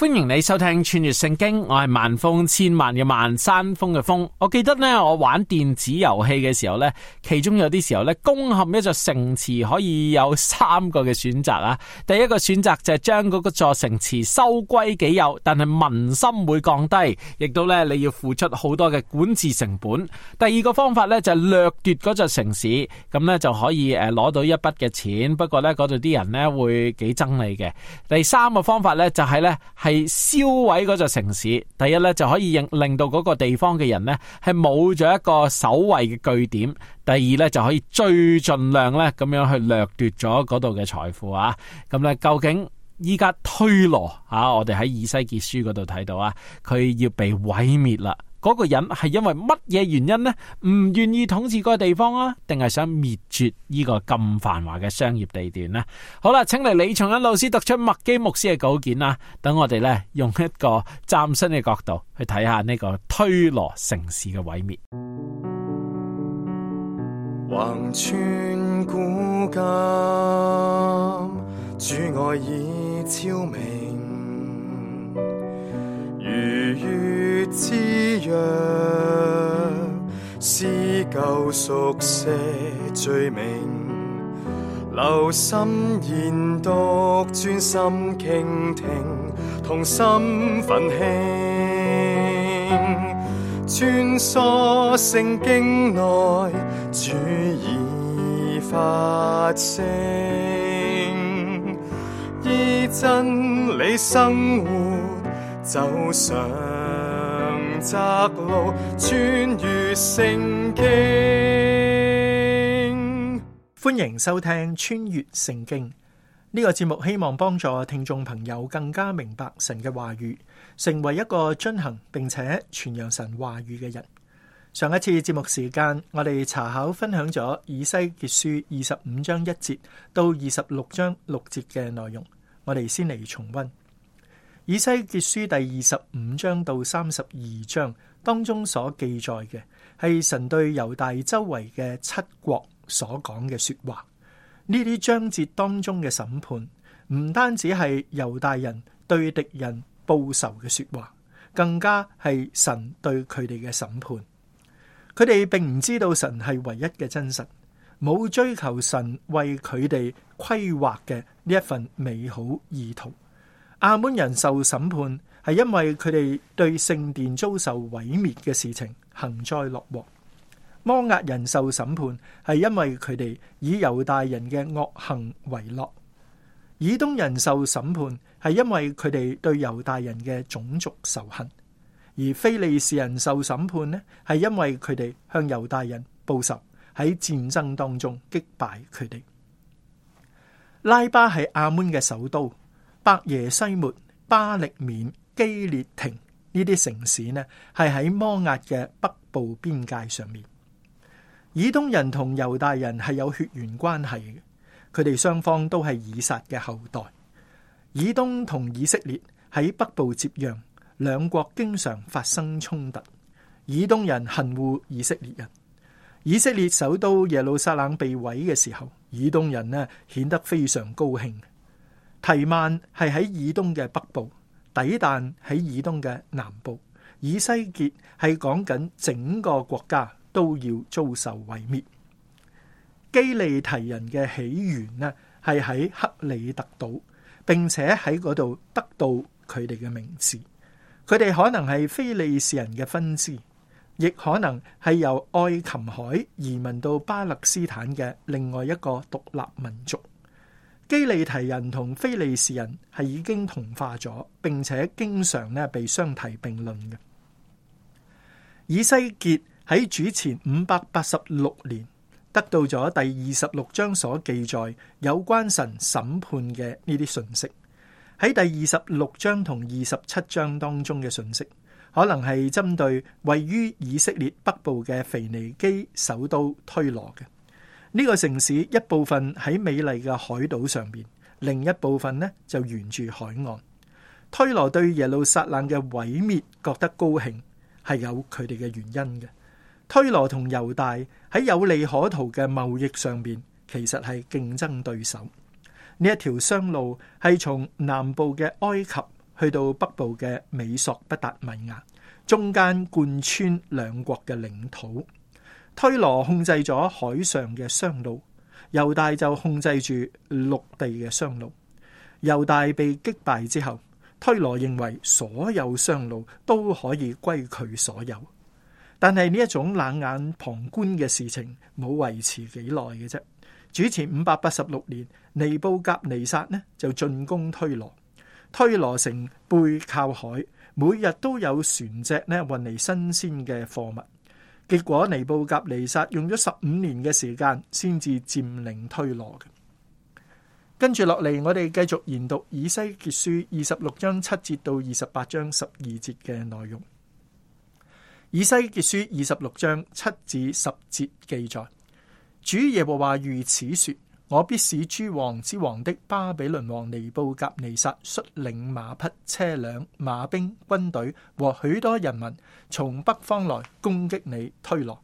歡迎你收聽穿越聖經，我係萬峰千萬嘅萬，山峰嘅峰。我記得呢，我玩電子遊戲嘅時候呢，其中有啲時候呢，攻陷一座城池可以有三個嘅選擇啊。第一個選擇就係將嗰座城池收歸己有，但係民心會降低，亦都呢，你要付出好多嘅管治成本。第二個方法呢，就係、是、掠奪嗰座城市，咁呢，就可以誒攞、呃、到一筆嘅錢，不過呢，嗰度啲人呢，會幾憎你嘅。第三個方法呢，就係、是、呢。係。係燒毀嗰座城市，第一咧就可以令令到嗰個地方嘅人呢，係冇咗一個守衛嘅據點；第二呢，就可以最盡量呢，咁樣去掠奪咗嗰度嘅財富啊！咁呢，究竟依家推羅啊，我哋喺以西結書嗰度睇到啊，佢要被毀滅啦。嗰個人係因為乜嘢原因呢？唔願意統治個地方啊，定係想滅絕呢個咁繁華嘅商業地段呢？好啦，請嚟李松恩老師讀出麥基牧師嘅稿件啦，等我哋咧用一個嶄新嘅角度去睇下呢個推羅城市嘅毀滅。橫穿古今，主愛已昭明，如月之。約撕舊熟寫罪名，留心研讀，專心傾聽，同心奮興，穿梭聖經內，主已發聲，依真理生活，走上路穿越聖經，歡迎收聽《穿越聖經》呢個節目，希望幫助聽眾朋友更加明白神嘅話語，成為一個遵行並且傳揚神話語嘅人。上一次節目時間，我哋查考分享咗以西結書二十五章一節到二十六章六節嘅內容，我哋先嚟重温。以西結書第二十五章到三十二章當中所記載嘅，係神對猶大周圍嘅七國所講嘅說話。呢啲章節當中嘅審判，唔單止係猶大人對敵人報仇嘅說話，更加係神對佢哋嘅審判。佢哋並唔知道神係唯一嘅真實，冇追求神為佢哋規劃嘅呢一份美好意圖。阿門人受審判係因為佢哋對聖殿遭受毀滅嘅事情幸災樂禍；摩押人受審判係因為佢哋以猶大人嘅惡行為樂；以東人受審判係因為佢哋對猶大人嘅種族仇恨；而非利士人受審判呢係因為佢哋向猶大人報仇喺戰爭當中擊敗佢哋。拉巴係阿門嘅首都。伯耶西末、巴力免、基列亭呢啲城市呢，係喺摩押嘅北部邊界上面。以東人同猶大人係有血緣關係嘅，佢哋雙方都係以撒嘅後代。以東同以色列喺北部接壤，兩國經常發生衝突。以東人恨惡以色列人。以色列首都耶路撒冷被毀嘅時候，以東人呢顯得非常高興。提曼係喺以東嘅北部，底但喺以東嘅南部，以西結係講緊整個國家都要遭受毀滅。基利提人嘅起源呢係喺克里特島，並且喺嗰度得到佢哋嘅名字。佢哋可能係非利士人嘅分支，亦可能係由愛琴海移民到巴勒斯坦嘅另外一個獨立民族。基利提人同非利士人係已經同化咗，並且經常咧被相提並論嘅。以西結喺主前五百八十六年，得到咗第二十六章所記載有關神審判嘅呢啲信息。喺第二十六章同二十七章當中嘅信息，可能係針對位於以色列北部嘅腓尼基首都推羅嘅。呢個城市一部分喺美麗嘅海島上邊，另一部分呢就沿住海岸。推羅對耶路撒冷嘅毀滅覺得高興，係有佢哋嘅原因嘅。推羅同猶大喺有利可圖嘅貿易上邊，其實係競爭對手。呢一條商路係從南部嘅埃及去到北部嘅美索不達米亞，中間貫穿兩國嘅領土。推羅控制咗海上嘅商路，猶大就控制住陸地嘅商路。猶大被擊敗之後，推羅認為所有商路都可以歸佢所有。但係呢一種冷眼旁觀嘅事情，冇維持幾耐嘅啫。主前五百八十六年，尼布甲尼撒呢就進攻推羅。推羅城背靠海，每日都有船隻呢運嚟新鮮嘅貨物。結果尼布甲尼撒用咗十五年嘅時間，先至佔領推羅嘅。跟住落嚟，我哋繼續研讀以西結書二十六章七節到二十八章十二節嘅內容。以西結書二十六章七至十節記載：主耶和華如此說。我必使諸王之王的巴比倫王尼布甲尼撒率領馬匹、車輛、馬兵、軍隊和許多人民從北方來攻擊你，推羅。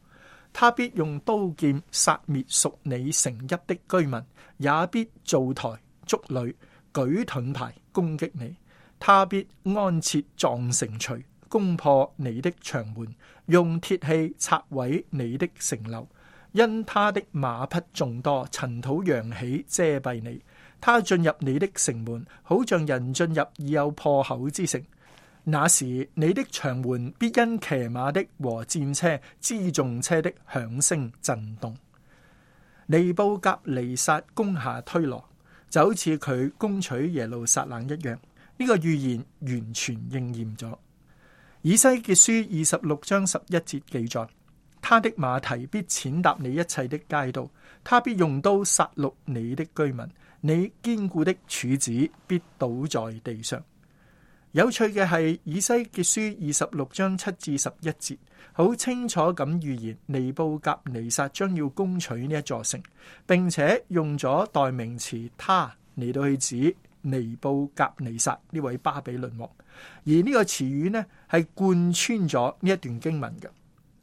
他必用刀劍殺滅屬你城邑的居民，也必造台築壘、舉盾牌攻擊你。他必安設撞城錘，攻破你的牆門，用鐵器拆毀你的城樓。因他的馬匹眾多，塵土揚起遮蔽你；他進入你的城門，好像人進入已有破口之城。那時你的長門必因騎馬的和戰車、輜重車的響聲震動。尼布甲尼撒攻下推羅，就好似佢攻取耶路撒冷一樣。呢、這個預言完全應驗咗。以西結書二十六章十一節記載。他的馬蹄必踐踏你一切的街道，他必用刀殺戮你的居民，你堅固的柱子必倒在地上。有趣嘅係，以西結書二十六章七至十一節，好清楚咁預言尼布甲尼撒將要攻取呢一座城，並且用咗代名詞“他”嚟到去指尼布甲尼撒呢位巴比倫王，而呢個詞語呢係貫穿咗呢一段經文嘅。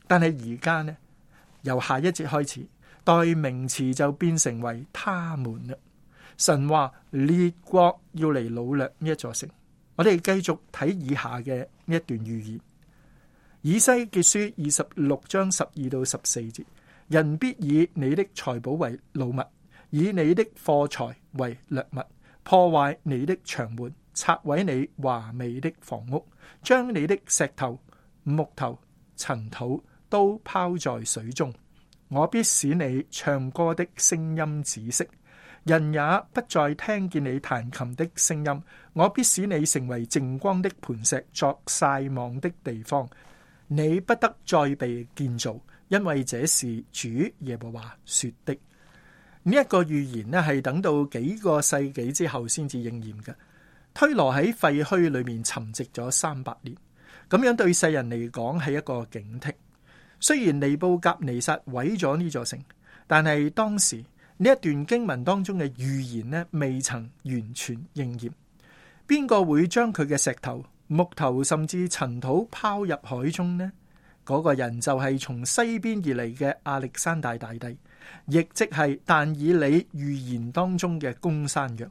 但係而家呢？由下一節開始，代名詞就變成為他們啦。神話列國要嚟擄掠呢一座城，我哋繼續睇以下嘅一段預言。以西結書二十六章十二到十四節，人必以你的財寶為擄物，以你的貨財為掠物，破壞你的牆門，拆毀你華美的房屋，將你的石頭、木頭、塵土。都拋在水中，我必使你唱歌的聲音止息，人也不再聽見你彈琴的聲音。我必使你成為淨光的磐石，作曬網的地方，你不得再被建造，因為這是主耶和華說的。呢、這、一個預言呢，係等到幾個世紀之後先至應驗嘅。推羅喺廢墟裏面沉寂咗三百年，咁樣對世人嚟講係一個警惕。雖然尼布甲尼撒毀咗呢座城，但係當時呢一段經文當中嘅預言呢，未曾完全應驗。邊個會將佢嘅石頭、木頭甚至塵土拋入海中呢？嗰、那個人就係從西邊而嚟嘅亞歷山大大帝，亦即係但以理預言當中嘅公山羊。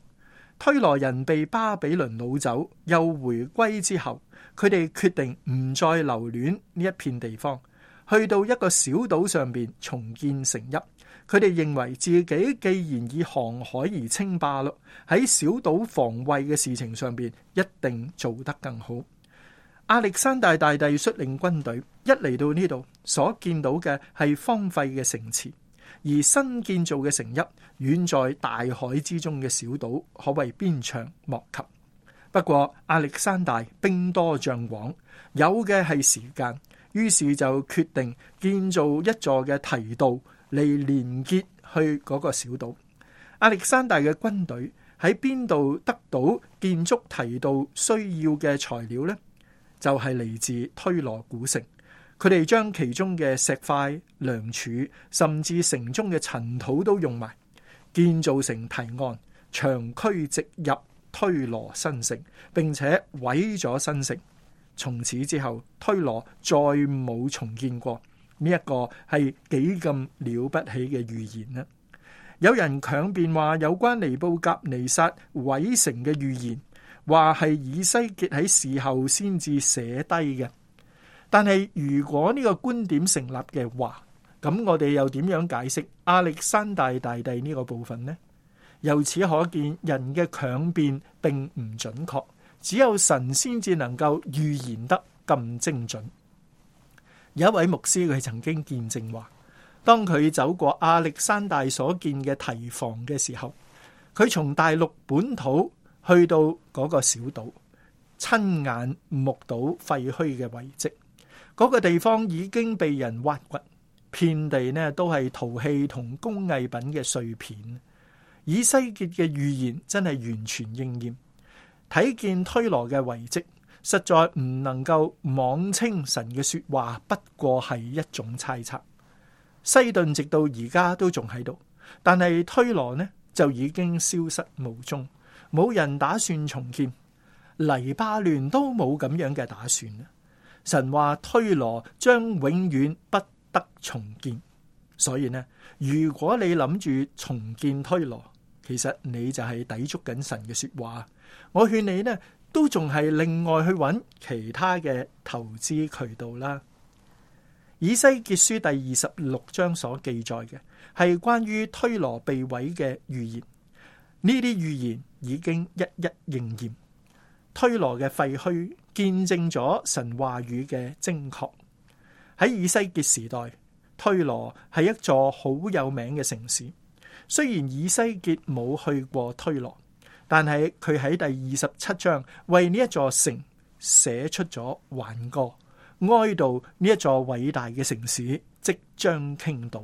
推羅人被巴比倫擄走，又回歸之後，佢哋決定唔再留戀呢一片地方。去到一個小島上邊重建城邑，佢哋認為自己既然以航海而稱霸咯，喺小島防衛嘅事情上邊一定做得更好。亞歷山大大帝率領軍隊一嚟到呢度，所見到嘅係荒廢嘅城池，而新建造嘅城邑遠在大海之中嘅小島，可謂鞭長莫及。不過亞歷山大兵多將廣，有嘅係時間。於是就決定建造一座嘅堤道嚟連結去嗰個小島。亞歷山大嘅軍隊喺邊度得到建築堤道需要嘅材料呢？就係嚟自推羅古城。佢哋將其中嘅石塊、梁柱，甚至城中嘅塵土都用埋，建造成堤岸，長驅直入推羅新城，並且毀咗新城。從此之後，推羅再冇重建過。呢、這、一個係幾咁了不起嘅預言咧？有人強辯話有關尼布甲尼撒毀城嘅預言，話係以西結喺事後先至寫低嘅。但係如果呢個觀點成立嘅話，咁我哋又點樣解釋亞歷山大大帝呢個部分呢？由此可見，人嘅強辯並唔準確。只有神先至能夠預言得咁精準。有一位牧師佢曾經見證話，當佢走過亞歷山大所建嘅堤防嘅時候，佢從大陸本土去到嗰個小島，親眼目睹廢墟嘅遺跡。嗰、那個地方已經被人挖掘，遍地呢都係陶器同工藝品嘅碎片。以西結嘅預言真係完全應驗。睇見推羅嘅遺跡，實在唔能夠妄稱神嘅說話，不過係一種猜測。西頓直到而家都仲喺度，但係推羅呢就已經消失無蹤，冇人打算重建，黎巴嫩都冇咁樣嘅打算。神話推羅將永遠不得重建，所以呢，如果你諗住重建推羅，其實你就係抵觸緊神嘅說話。我勸你呢，都仲係另外去揾其他嘅投資渠道啦。以西結書第二十六章所記載嘅，係關於推羅被毀嘅預言。呢啲預言已經一一應驗。推羅嘅廢墟見證咗神話語嘅精確。喺以西結時代，推羅係一座好有名嘅城市。雖然以西結冇去過推羅。但係佢喺第二十七章為呢一座城寫出咗挽歌，哀悼呢一座偉大嘅城市即將傾倒。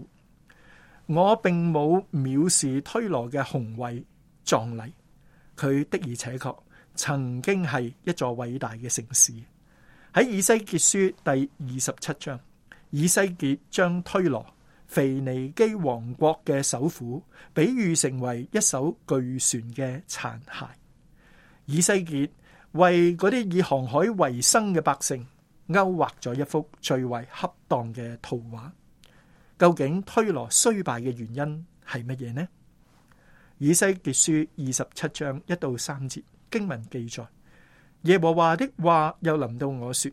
我並冇藐視推羅嘅雄偉壯麗，佢的而且確曾經係一座偉大嘅城市。喺以西結書第二十七章，以西結將推羅。腓尼基王國嘅首府，比喻成為一艘巨船嘅殘骸。以西結為嗰啲以航海為生嘅百姓勾畫咗一幅最為恰當嘅圖畫。究竟推羅衰敗嘅原因係乜嘢呢？以西結書二十七章一到三節經文記載：耶和華的話又臨到我說：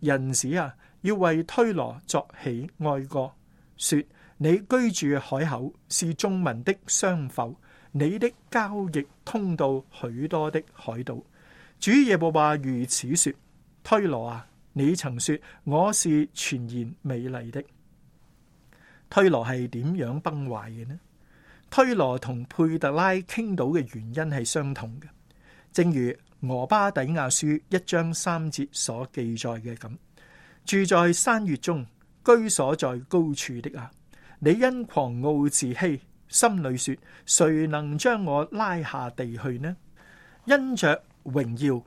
人子啊，要為推羅作起哀歌，說。你居住海口，是眾民的商埠，你的交易通到許多的海島。主耶和華如此說：推羅啊，你曾說我是全然美麗的。推羅係點樣崩壞嘅呢？推羅同佩特拉傾倒嘅原因係相同嘅，正如俄巴底亞書一章三節所記載嘅咁。住在山穴中，居所在高處的啊，你因狂傲自欺，心裏說：誰能將我拉下地去呢？因着榮耀、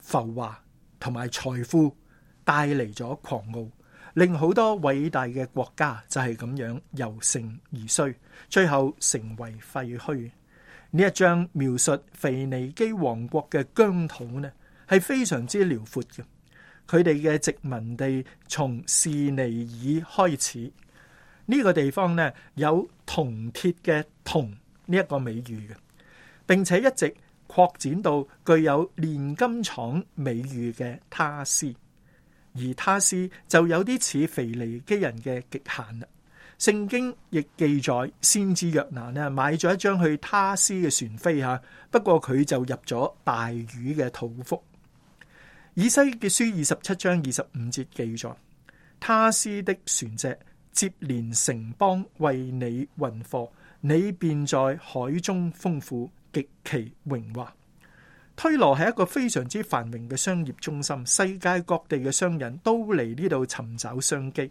浮華同埋財富帶嚟咗狂傲，令好多偉大嘅國家就係咁樣由盛而衰，最後成為廢墟。呢一章描述腓尼基王國嘅疆土呢，係非常之遼闊嘅，佢哋嘅殖民地從士尼爾開始。呢個地方呢，有銅鐵嘅銅呢一個美譽嘅，並且一直擴展到具有煉金廠美譽嘅他斯，而他斯就有啲似腓尼基人嘅極限啦。聖經亦記載，先知約拿咧買咗一張去他斯嘅船飛吓，不過佢就入咗大魚嘅肚腹。以西結書二十七章二十五節記載，他斯的船隻。接連城邦為你運貨，你便在海中豐富極其榮華。推羅係一個非常之繁榮嘅商業中心，世界各地嘅商人都嚟呢度尋找商機。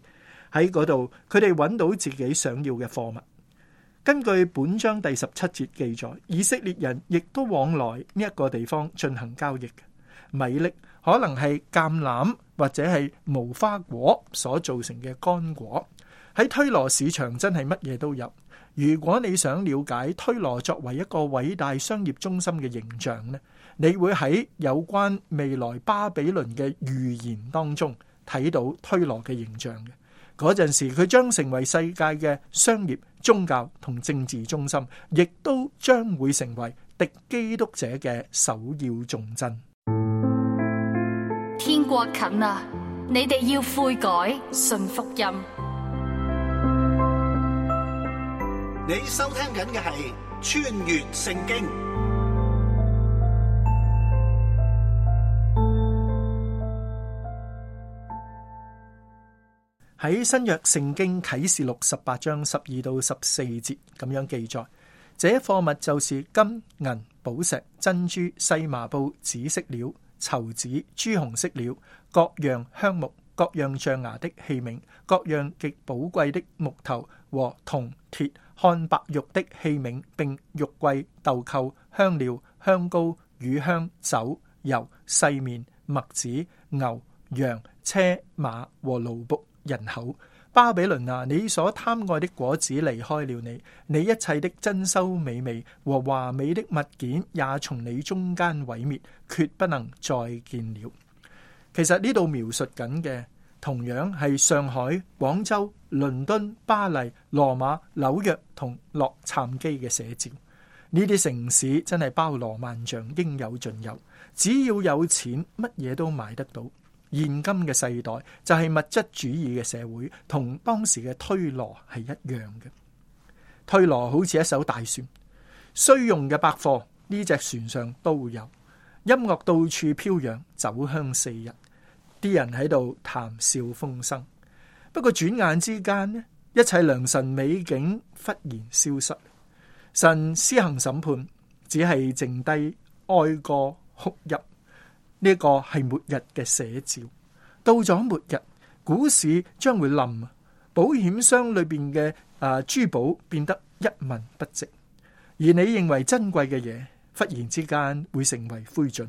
喺嗰度，佢哋揾到自己想要嘅貨物。根據本章第十七節記載，以色列人亦都往來呢一個地方進行交易嘅米粒，可能係橄欖或者係無花果所造成嘅乾果。喺推羅市場真係乜嘢都有。如果你想了解推羅作為一個偉大商業中心嘅形象呢，你會喺有關未來巴比倫嘅預言當中睇到推羅嘅形象嘅。嗰陣時佢將成為世界嘅商業、宗教同政治中心，亦都將會成為敵基督者嘅首要重鎮。天國近呀，你哋要悔改，信福音。你收聽緊嘅係穿越聖經，喺新約聖經啟示錄十八章十二到十四節咁樣記載，這貨物就是金、銀、寶石、珍珠、細麻布、紫色料、綢子、朱紅色料、各樣香木、各樣象牙的器皿、各樣極寶貴的木頭。和銅、鐵、漢白玉的器皿，並肉桂、豆蔻、香料、香膏、乳香、酒、油、細麵、麥子、牛、羊、車馬和奴僕、人口，巴比倫啊！你所貪愛的果子離開了你，你一切的珍饈美味和華美的物件也從你中間毀滅，決不能再見了。其實呢度描述緊嘅。同樣係上海、廣州、倫敦、巴黎、羅馬、紐約同洛杉磯嘅寫照，呢啲城市真係包羅萬象，應有盡有。只要有錢，乜嘢都買得到。現今嘅世代就係、是、物質主義嘅社會，同當時嘅推羅係一樣嘅。推羅好似一艘大船，需用嘅百貨呢隻船上都有，音樂到處飄揚，酒香四溢。啲人喺度談笑風生，不過轉眼之間呢，一切良辰美景忽然消失。神施行審判，只係剩低哀歌哭泣，呢個係末日嘅寫照。到咗末日，股市將會冧，保險箱裏邊嘅啊珠寶變得一文不值，而你認為珍貴嘅嘢，忽然之間會成為灰燼。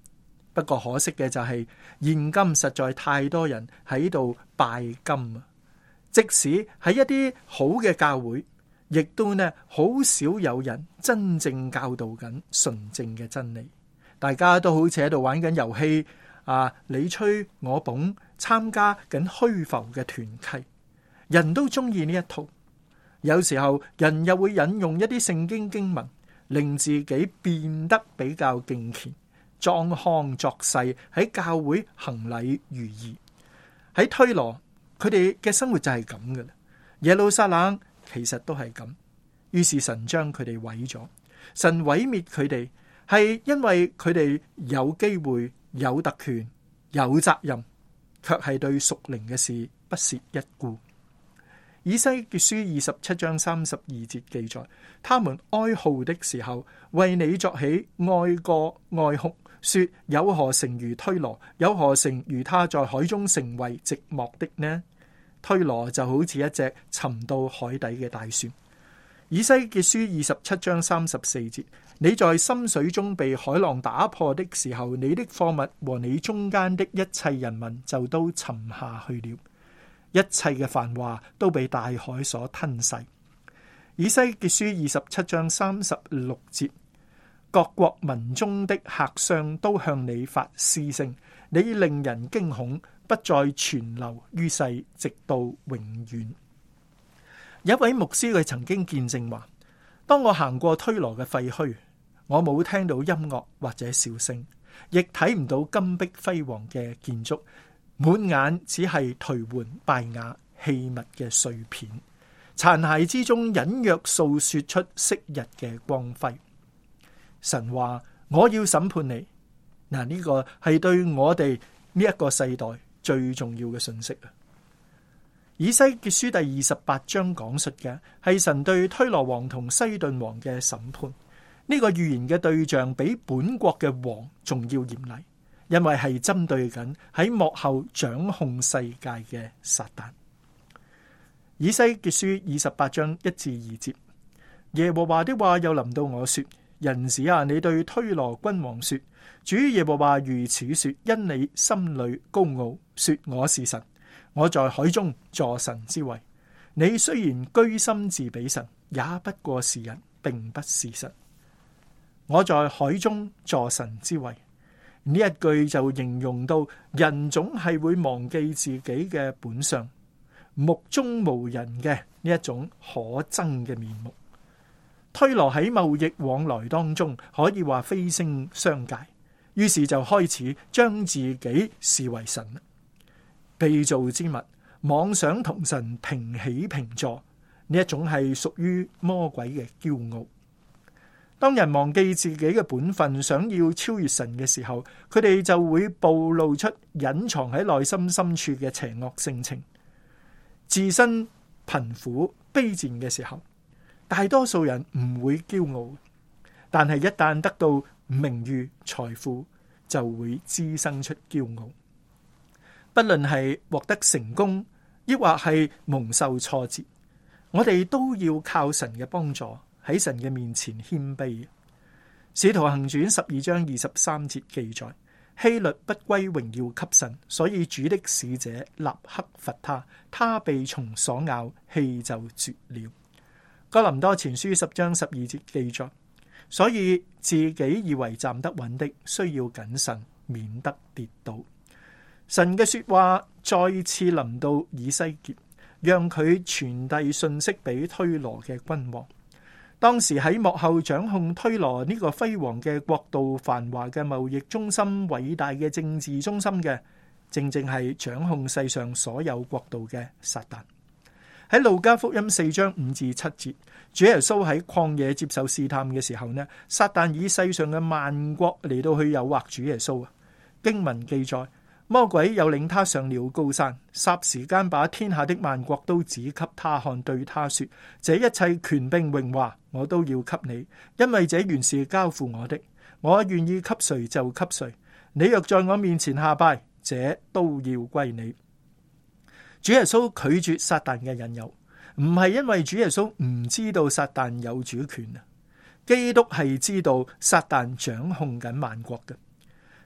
一個可惜嘅就係，現今實在太多人喺度拜金，即使喺一啲好嘅教會，亦都呢好少有人真正教導緊純正嘅真理。大家都好似喺度玩緊遊戲啊！你吹我捧，參加緊虛浮嘅團契，人都中意呢一套。有時候人又會引用一啲聖經經文，令自己變得比較敬虔。裝腔作勢喺教會行禮如儀，喺推羅佢哋嘅生活就係咁嘅啦。耶路撒冷其實都係咁，於是神將佢哋毀咗。神毀滅佢哋係因為佢哋有機會、有特權、有責任，卻係對屬靈嘅事不屑一顧。以西結書二十七章三十二節記載，他們哀號的時候，為你作起哀歌哀哭。說有何城如推羅，有何城如他在海中成為寂寞的呢？推羅就好似一隻沉到海底嘅大船。以西結書二十七章三十四節：你在深水中被海浪打破的時候，你的貨物和你中間的一切人民就都沉下去了，一切嘅繁華都被大海所吞噬。以西結書二十七章三十六節。各國民中的客商都向你發嘶聲，你令人驚恐，不再存留於世，直到永遠。有一位牧師佢曾經見證話：當我行過推羅嘅廢墟，我冇聽到音樂或者笑聲，亦睇唔到金碧輝煌嘅建築，滿眼只係頹垣敗瓦器物嘅碎片，殘骸之中隱約訴說出昔日嘅光輝。神話我要審判你嗱，呢個係對我哋呢一個世代最重要嘅信息啊。以西結書第二十八章講述嘅係神對推羅王同西頓王嘅審判。呢個預言嘅對象比本國嘅王仲要嚴厲，因為係針對緊喺幕後掌控世界嘅撒旦。以西結書二十八章一至二節，耶和華的話又臨到我說。人子啊，你對推羅君王說：主耶和華如此說，因你心裏高傲，說我是神，我在海中坐神之位。你雖然居心自比神，也不過是人，並不是神。我在海中坐神之位，呢一句就形容到人總係會忘記自己嘅本相，目中無人嘅呢一種可憎嘅面目。推羅喺貿易往來當中，可以話飛升商界，於是就開始將自己視為神，被造之物，妄想同神平起平坐，呢一種係屬於魔鬼嘅驕傲。當人忘記自己嘅本分，想要超越神嘅時候，佢哋就會暴露出隱藏喺內心深處嘅邪惡性情，自身貧苦卑賤嘅時候。大多數人唔會驕傲，但係一旦得到名譽、財富，就會滋生出驕傲。不論係獲得成功，抑或係蒙受挫折，我哋都要靠神嘅幫助，喺神嘅面前謙卑。使徒行傳十二章二十三節記載：希律不歸榮耀給神，所以主的使者立刻罰他，他被蟲所咬，氣就絕了。哥林多前書十章十二節記載，所以自己以為站得穩的，需要謹慎，免得跌倒。神嘅說話再次臨到以西結，讓佢傳遞信息俾推羅嘅君王。當時喺幕後掌控推羅呢個輝煌嘅國度、繁華嘅貿易中心、偉大嘅政治中心嘅，正正係掌控世上所有國度嘅撒旦。喺路加福音四章五至七節，主耶穌喺曠野接受試探嘅時候呢，撒旦以世上嘅萬國嚟到去誘惑主耶穌啊。經文記載，魔鬼又領他上了高山，霎時間把天下的萬國都指給他看，對他說：這一切權柄榮華，我都要給你，因為這原是交付我的。我願意給誰就給誰，你若在我面前下拜，這都要歸你。主耶穌拒絕撒旦嘅引誘，唔係因為主耶穌唔知道撒旦有主權啊！基督係知道撒旦掌控緊萬國嘅，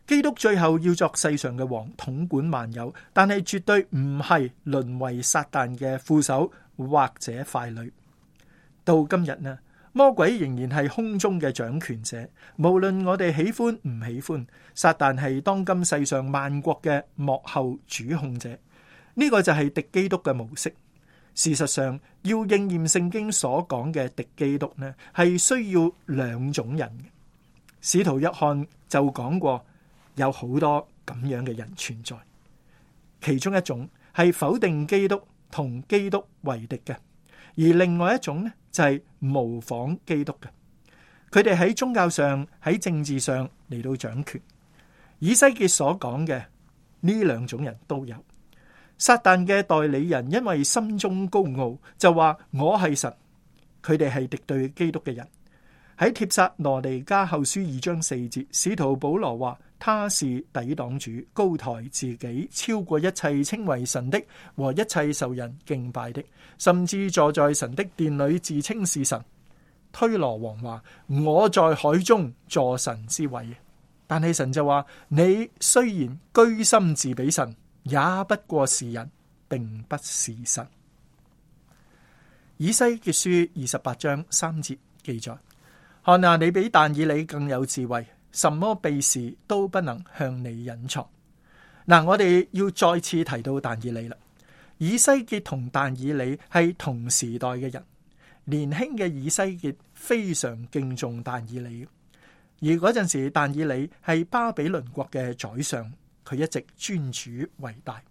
基督最後要作世上嘅王，統管萬有，但係絕對唔係淪為撒旦嘅副手或者傀儡。到今日呢，魔鬼仍然係空中嘅掌權者，無論我哋喜歡唔喜歡，撒旦係當今世上萬國嘅幕後主控者。呢個就係敵基督嘅模式。事實上，要應驗聖經所講嘅敵基督呢，係需要兩種人嘅。使徒約翰就講過，有好多咁樣嘅人存在，其中一種係否定基督同基督為敵嘅，而另外一種呢就係模仿基督嘅。佢哋喺宗教上，喺政治上嚟到掌權。以西結所講嘅呢兩種人都有。撒旦嘅代理人因為心中高傲，就話我係神，佢哋係敵對基督嘅人。喺帖撒羅尼加後書二章四節，使徒保羅話：他是抵擋主、高抬自己、超過一切稱為神的和一切受人敬拜的，甚至坐在神的殿裏自稱是神。推羅王話：我在海中坐神之位，但係神就話：你雖然居心自比神。也不過是人，並不是神。以西結書二十八章三節記載：看啊，你比但以理更有智慧，什麼秘事都不能向你隱藏。嗱，我哋要再次提到但以理啦。以西結同但以理係同時代嘅人，年輕嘅以西結非常敬重但以理，而嗰陣時但以理係巴比倫國嘅宰相。佢一直尊主為大。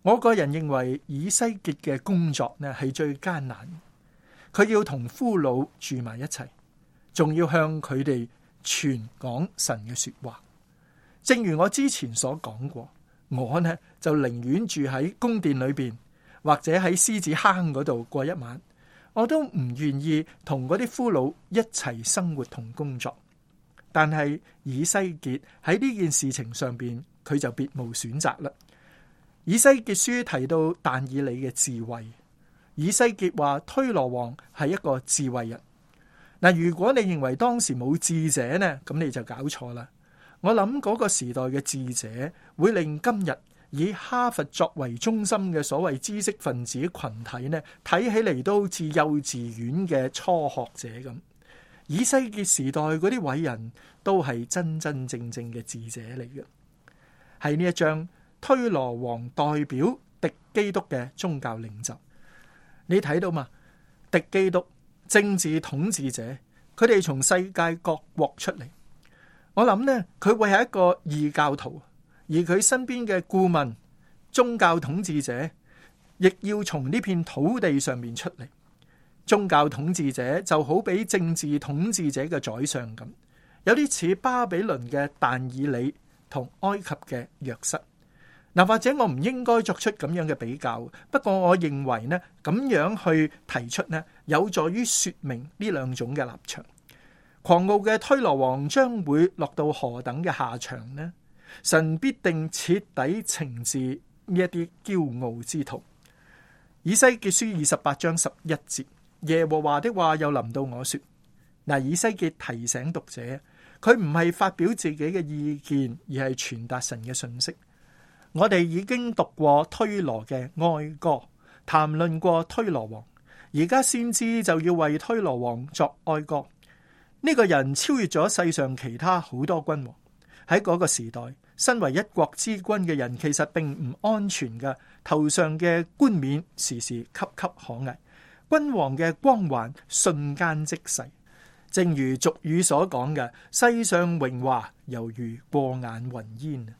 我個人認為以西結嘅工作呢係最艱難的，佢要同俘虜住埋一齊，仲要向佢哋傳講神嘅說話。正如我之前所講過，我呢就寧願住喺宮殿裏邊，或者喺獅子坑嗰度過一晚，我都唔願意同嗰啲俘虜一齊生活同工作。但係以西結喺呢件事情上邊，佢就別無選擇啦。以西結書提到，但以理嘅智慧，以西結話推羅王係一個智慧人。嗱，如果你認為當時冇智者呢，咁你就搞錯啦。我諗嗰個時代嘅智者，會令今日以哈佛作為中心嘅所謂知識分子群體呢，睇起嚟都好似幼稚園嘅初學者咁。以西結時代嗰啲偉人都係真真正正嘅智者嚟嘅，係呢一章推羅王代表敵基督嘅宗教領袖，你睇到嘛？敵基督政治統治者，佢哋從世界各國出嚟，我諗呢，佢會係一個異教徒，而佢身邊嘅顧問、宗教統治者，亦要從呢片土地上面出嚟。宗教統治者就好比政治統治者嘅宰相咁，有啲似巴比倫嘅但以理同埃及嘅約瑟嗱。或者我唔應該作出咁樣嘅比較，不過我認為呢咁樣去提出呢，有助於説明呢兩種嘅立場。狂傲嘅推羅王將會落到何等嘅下場呢？神必定徹底懲治呢一啲驕傲之徒。以西結書二十八章十一節。耶和華的話又臨到我說：嗱，以西結提醒讀者，佢唔係發表自己嘅意見，而係傳達神嘅信息。我哋已經讀過推羅嘅哀歌，談論過推羅王，而家先知就要為推羅王作哀歌。呢、這個人超越咗世上其他好多君王。喺嗰個時代，身為一國之君嘅人，其實並唔安全嘅，頭上嘅冠冕時時岌岌可危。君王嘅光環瞬間即逝，正如俗語所講嘅，世上榮華猶如過眼雲煙。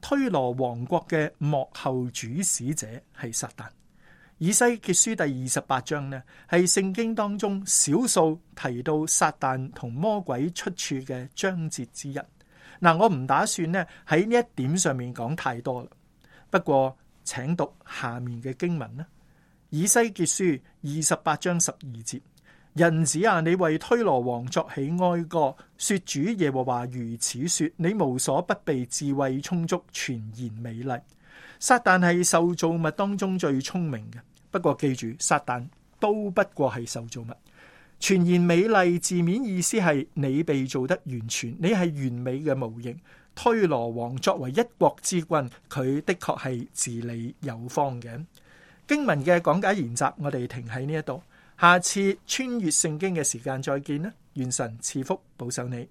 推羅王國嘅幕後主使者係撒旦。以西結書第二十八章呢，係聖經當中少數提到撒旦同魔鬼出處嘅章節之一。嗱，我唔打算呢喺呢一點上面講太多啦。不過，請讀下面嘅經文啦。以西結書二十八章，十二節，人子啊，你為推羅王作起哀歌，說主耶和華如此說：你無所不備，智慧充足，全然美麗。撒旦係受造物當中最聰明嘅，不過記住，撒旦都不過係受造物。全然美麗，字面意思係你被做得完全，你係完美嘅模型。推羅王作為一國之君，佢的確係治理有方嘅。經文嘅講解研習，我哋停喺呢一度。下次穿越聖經嘅時間再見啦！願神賜福保守你。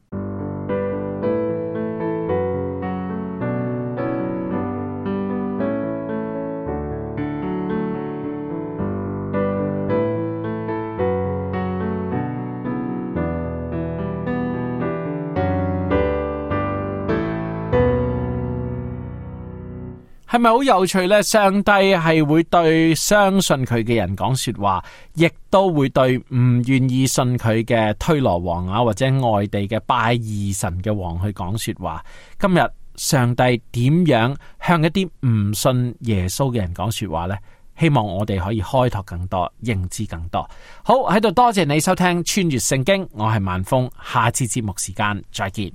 係咪好有趣呢？上帝係會對相信佢嘅人講說話，亦都會對唔願意信佢嘅推羅王啊，或者外地嘅拜二神嘅王去講說話。今日上帝點樣向一啲唔信耶穌嘅人講說話呢？希望我哋可以開拓更多，認知更多。好，喺度多謝你收聽《穿越聖經》，我係萬峰，下次節目時間再見。